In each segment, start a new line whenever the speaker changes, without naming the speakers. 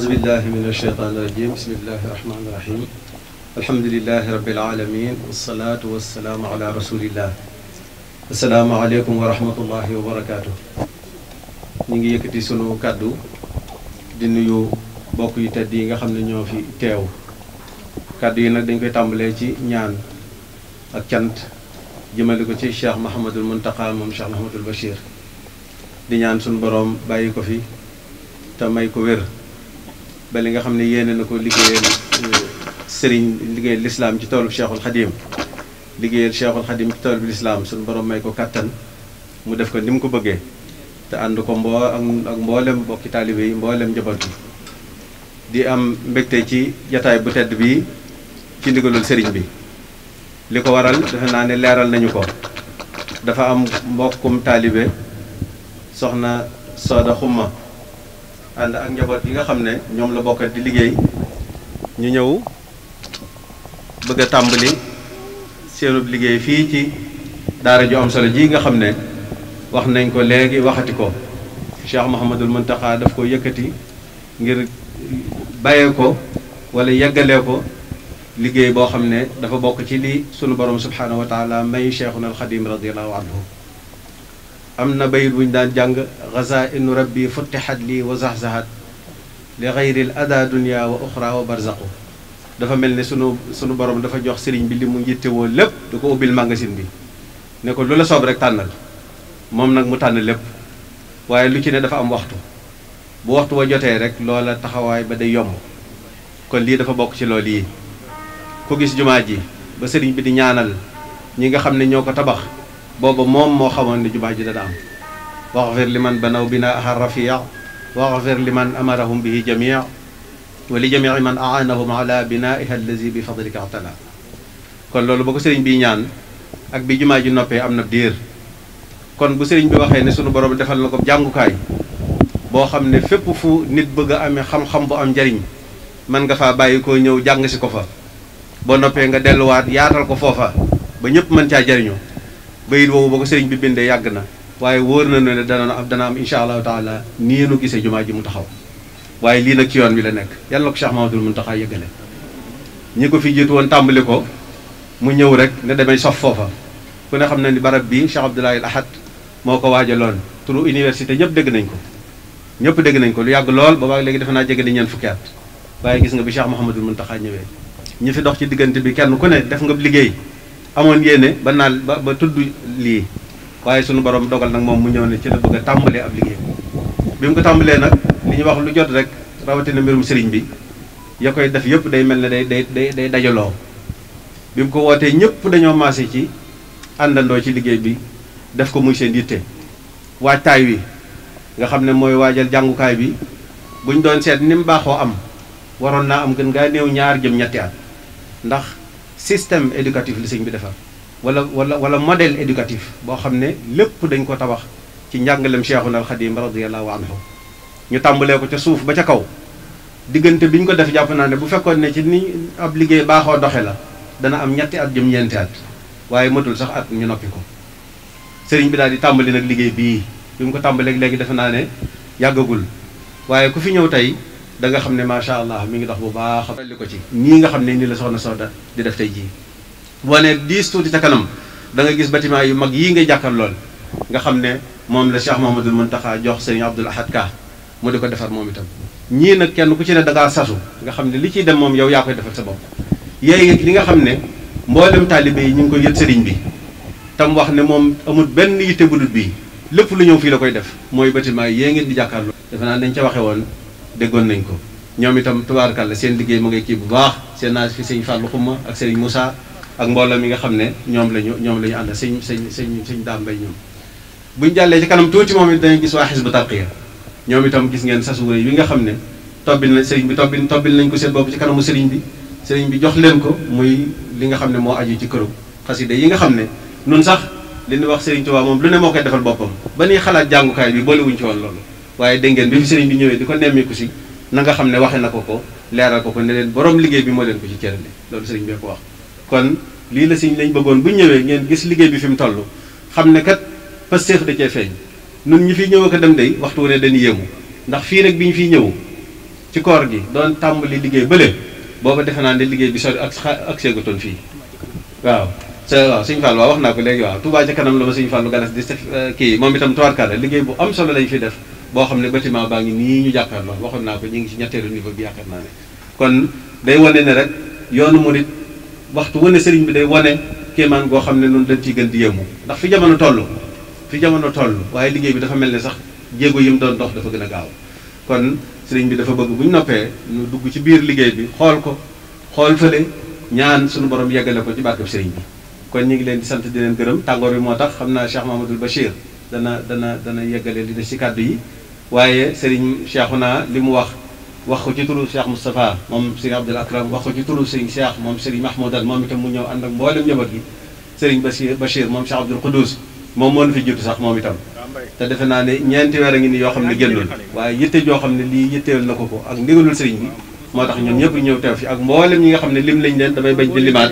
أعوذ بالله من الشيطان الرجيم بسم الله الرحمن الرحيم الحمد لله رب العالمين والصلاة والسلام على رسول الله السلام عليكم ورحمة الله وبركاته ñu ngi yëkkati sunu kàddu di nuyu mbokk yu tedd yi nga xam ne ñoo fi teew kàddu yi nag dañ koy tàmbalee ci ñaan ak cant jëmale ko ci Cheikh Mahamadul Muntaqa moom Cheikh Mahamadul Bachir di ñaan sunu boroom bàyyi ko fi te may ko wér ba li nga xam ne yéene na ko liggéeyal euh, sëriñ liggéeyal lislaam ci toolub Cheikhul Xadim liggéeyal Cheikhul Xadim ci toolub lislaam suñ borom may ko kàttan mu def ko ni mu ko bëggee te ànd ko mboo ak mboolem bokki taalibe yi mboolem njaboot bi di am mbégte ci jataay bu tedd bii ci ndigalul sëriñ bi li ko waral defe naa ne leeral nañu ko dafa am mbokkum taalibe soxna Sooda Xumma ànd ak njaboot yi nga xam ne ñoom la bokk di liggéey ñu ñëw bëgg a tàmbali seenub liggéey fii ci daara ju am solo ji nga xam ne wax nañ ko léegi waxati ko Cheikh Mouhamadul Muntaxa daf ko yëkkati ngir bàyyee ko walla yeggalee ko liggéey boo xam ne dafa bokk ci lii sunu borom subhanahu wa taala may Cheikhuna al Xadim radiallahu anhu am na bayit bu ñu daan jàng xaza inu rabbi futtixat lii wa zaxzaxat li xayril ada dunia wa oxra wa barzaqu dafa mel ni sunu sunu borom dafa jox sëriñ bi li mu yittewoo lépp du ko ubbil magasin bi ne ko lu la soob rek tànnal moom nag mu tànn lépp waaye lu ci ne dafa am waxtu bu waxtu wa jotee rek loola taxawaay ba day yomb kon lii dafa bokk ci lool yi ku gis jumaa ji ba sëriñ bi di ñaanal ñi nga xam ne ñoo ko tabax booba moom moo xamoon ne jumaa ji dana am waxfir li man banaw binaaha rafia waxfir li man amarahum bihi jamia wa li jamii man aanahum ala binaiha allazi bi fadlika atala kon loolu ba ko sëriñ bi ñaan ak bi jumaa ji noppee am na diir kon bu sëriñ bi waxee ne sunu borom defal na ko jàngukaay boo xam ne fépp fu nit bëgg a amee xam-xam bu am njariñ mën nga faa bàyyi ko ñëw jàng si ko fa boo noppee nga delluwaat yaatal ko foofa ba ñëpp mën caa jariñoo bayit woowu ba ko sëriñ bi bindee yàgg na waaye wóor na ne dana dana am incha allahu taala nii nu gisee jumaa ji mu taxaw waaye lii nag ci yoon wi la nekk yàlla na ko Cheikh Mamadou Mountakha yëggale ñi ko fi jiitu woon tàmbali ko mu ñëw rek ne damay sof foofa ku ne xam na ni barab bii Cheikh Abdoulaye Ahad moo ko waajaloon turu université ñëpp dégg nañ ko ñëpp nañ ko lu yàgg lool boobaag léegi defe naa jege ni ñeent fukki at waaye gis nga bi Cheikh Mouhamadul Mountakha ñëwee ñi fi dox ci diggante bi kenn ku ne def nga liggéey amoon yéene ba naal ba ba tudd lii waaye sunu borom dogal nag moom mu ñëw ne ci la bëgg a tàmbalee ab liggéey bi mu ko tàmbalee nag li ñuy wax lu jot rek rawatina mbirum sëriñ bi ya koy def yëpp day mel ne day day day day dajaloo bi mu ko wootee ñëpp dañoo maase ci àndandoo ci liggéey bi def ko muy seen yitte waajtaay wi nga xam ne mooy waajal jàngukaay bi buñ doon seet ni mu baaxoo am waroon naa am gën ngaa néew ñaar jëm ñetti at ndax système éducatif li sëñ bi defar wala wala wala modèle éducatif boo xam ne lépp dañ ko tabax ci njàngalem Cheikhuna al Xadim radiyallahu anhu ñu tàmbalee ko ca suuf ba ca kaw diggante bi ñu ko def jàpp naa ne bu fekkoon ne ci ni ab liggéey baaxoo doxe la dana am ñetti at jëm ñeenti at waaye matul sax at ñu noppi ko sëriñ bi daal di tàmbali nag liggéey bii bi mu ko tàmbaleek léegi defe naa ne yàggagul waaye ku fi ñëw tey da nga xam ne macha allah mi ngi dox bu baax li ko ci ñii nga xam ne nii la soxna Sawda di def tey jii boo nee diis tuuti ca kanam da gis bâtiment yu mag yii ngay jàkkaar lool nga xam ne moom la moom Cheikh Mouhamadoul Mountakha jox Serigne Abdoul Ahad Ka mu di ko defar moom itam ñii nag kenn ku ci ne da sasu nga xam ne li ciy dem moom yow yaa koy defal sa bopp yéen li nga xam ne mboolem taalibe yi ñu ngi koy yët sëriñ bi tam wax ne moom amul benn yitte bii lépp lu ñëw fii la koy def mooy bâtiment yi ngeen di jàkkaarloo defe naa nañ ca waxe woon déggoon nañ ko ñoom itam tubaarkàlla seen liggéey mu ngay kii bu baax seen naaj fi sëñ Fallou Xuma ak sëñ Moussa ak mbooloo mi nga xam ne ñoom la ñu ñoom lañu ñu ànd sëñ sëñ sëñ sëñ daam bay ñoom buñu jàllee ci kanam tuuti moom it dañuy gis waa xisbu tarqiya ñoom itam gis ngeen sasuwé yi nga xam ne tobbil na sëriñ bi tobbil tobbil nañ ko seen bopp ci kanamu sëriñ bi sëriñ bi jox leen ko muy li nga xam ne moo aju ci këru xasida yi nga xam ne nun sax li ñu wax sëriñ Tuubaa moom lu ne moo koy defal boppam ba xalaat jàngukaay bi boolewuñ ci woon loolu waaye dégg bi fi sëriñ bi ñëwee di ko nemmeeku si na nga xam ne waxe na ko ko leeral ko ko ne leen borom liggéey bi moo leen ko ci cërale loolu sëriñ bee ko wax kon lii la sëriñ lañ bëggoon bu ñëwee ngeen gis liggéey bi fi mu toll xam ne kat Pastef da cee feeñ nun ñi fi ñëw ak dem day waxtu wu ne dañuy yéemu ndax fii rek bi ñu fiy ñëw ci koor gi doon tàmbali liggéey bële booba defe naa ne liggéey bi sol ak ak seegutoon fii waaw sa waaw sëñ Fall waaw wax naa ko léegi waaw Touba ca kanam la ma sëñ Fall ganas di def eh, kii moom itam lañ fi def boo xam ne bâtiment baa ngi nii ñu jàkkaar loolu waxoon naa ko ñu ngi ci ñetteelu niveau bi yaakaar naa ne kon day wane ne rek yoonu murit waxtu wane sëriñ bi day wane kéemaan goo xam ne noonu dañ ciy gën di yëmu ndax fi jamono toll fi jamono toll waaye liggéey bi dafa mel ne sax jéego yi mu doon dox dafa gën a gaaw kon sëriñ bi dafa bëgg bu ñu noppee ñu dugg ci biir liggéey bi xool ko xool fële ñaan sunu borom yeggale ko ci barkeb sëriñ bi kon ñu ngi leen sant di leen gërëm tàngoor bi moo tax xam naa Cheikh Mahamadoul Bachir dana dana dana yeggale li des ci kàddu yi waaye sëriñ naa li mu wax wax ko ci turu Cheikh Moustapha moom sëriñ Abdoul Akram wax ko ci turu sëriñ Cheikh moom sëriñ moom itam mu ñëw ànd ak mboolem njaboot gi sëriñ Bachir moom Cheikh Abdoul Khoudous moom moo fi jiitu sax moom itam te defe naa ne ñeenti weer a ngi ni yoo xam ne génnul waaye yitte joo xam ne lii yitteel na ko ko ak ndigalul sëriñ bi moo tax ñun ñëpp ñëw teew fi ak mboolem ñi nga xam ne lim lañ leen damay bañ di limaat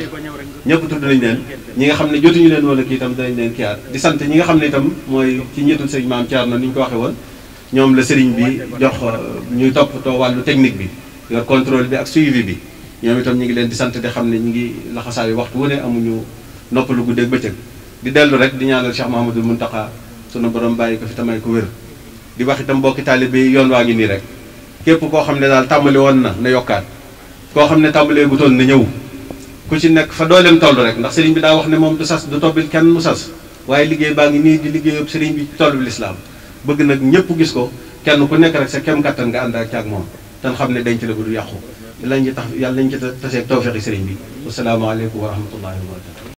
ñëpp tudd nañ leen ñi nga xam ne jotuñu leen woon ak itam danañ leen kiyaar di sant ñi nga xam ne itam mooy ci njiitul sëriñ maam Thierno ni ñu ko waxe woon ñoom la sëriñ bi jox euh, ñuy too wàllu technique bi yor contrôle bi ak suivi bi ñoom itam ñu ngi leen di sant di xam ne ñu ngi laxasaayu waxtu wu ne amuñu noppalu guddeeg bëccëg di dellu rek di la Cheikh Mahamadul Muntaqa sunu borom bàyyi ko fi tamay ko wér di wax itam mbokki taalibe yi yoon waa ngi nii rek képp koo xam ne daal tàmbali woon na na yokkaat koo xam ne tàmbalee bu toon na ñëw ku ci nekk fa dooleem toll rek ndax sëriñ bi daa wax ne moom du sas du tobbil kenn mu sas waaye liggéey baa ngi nii di liggéeyub sëriñ bi ci toll bi bëgg nag ñëpp gis ko kenn ku nekk rek sa kem kattan nga ànd ak caag moom te xam ne denc la bu du yàqu lañ ci tax yàlla nañ ci taseeg tawféqi sëriñ bi wasalaamaaleykum wa rahmatullahi wa barakatu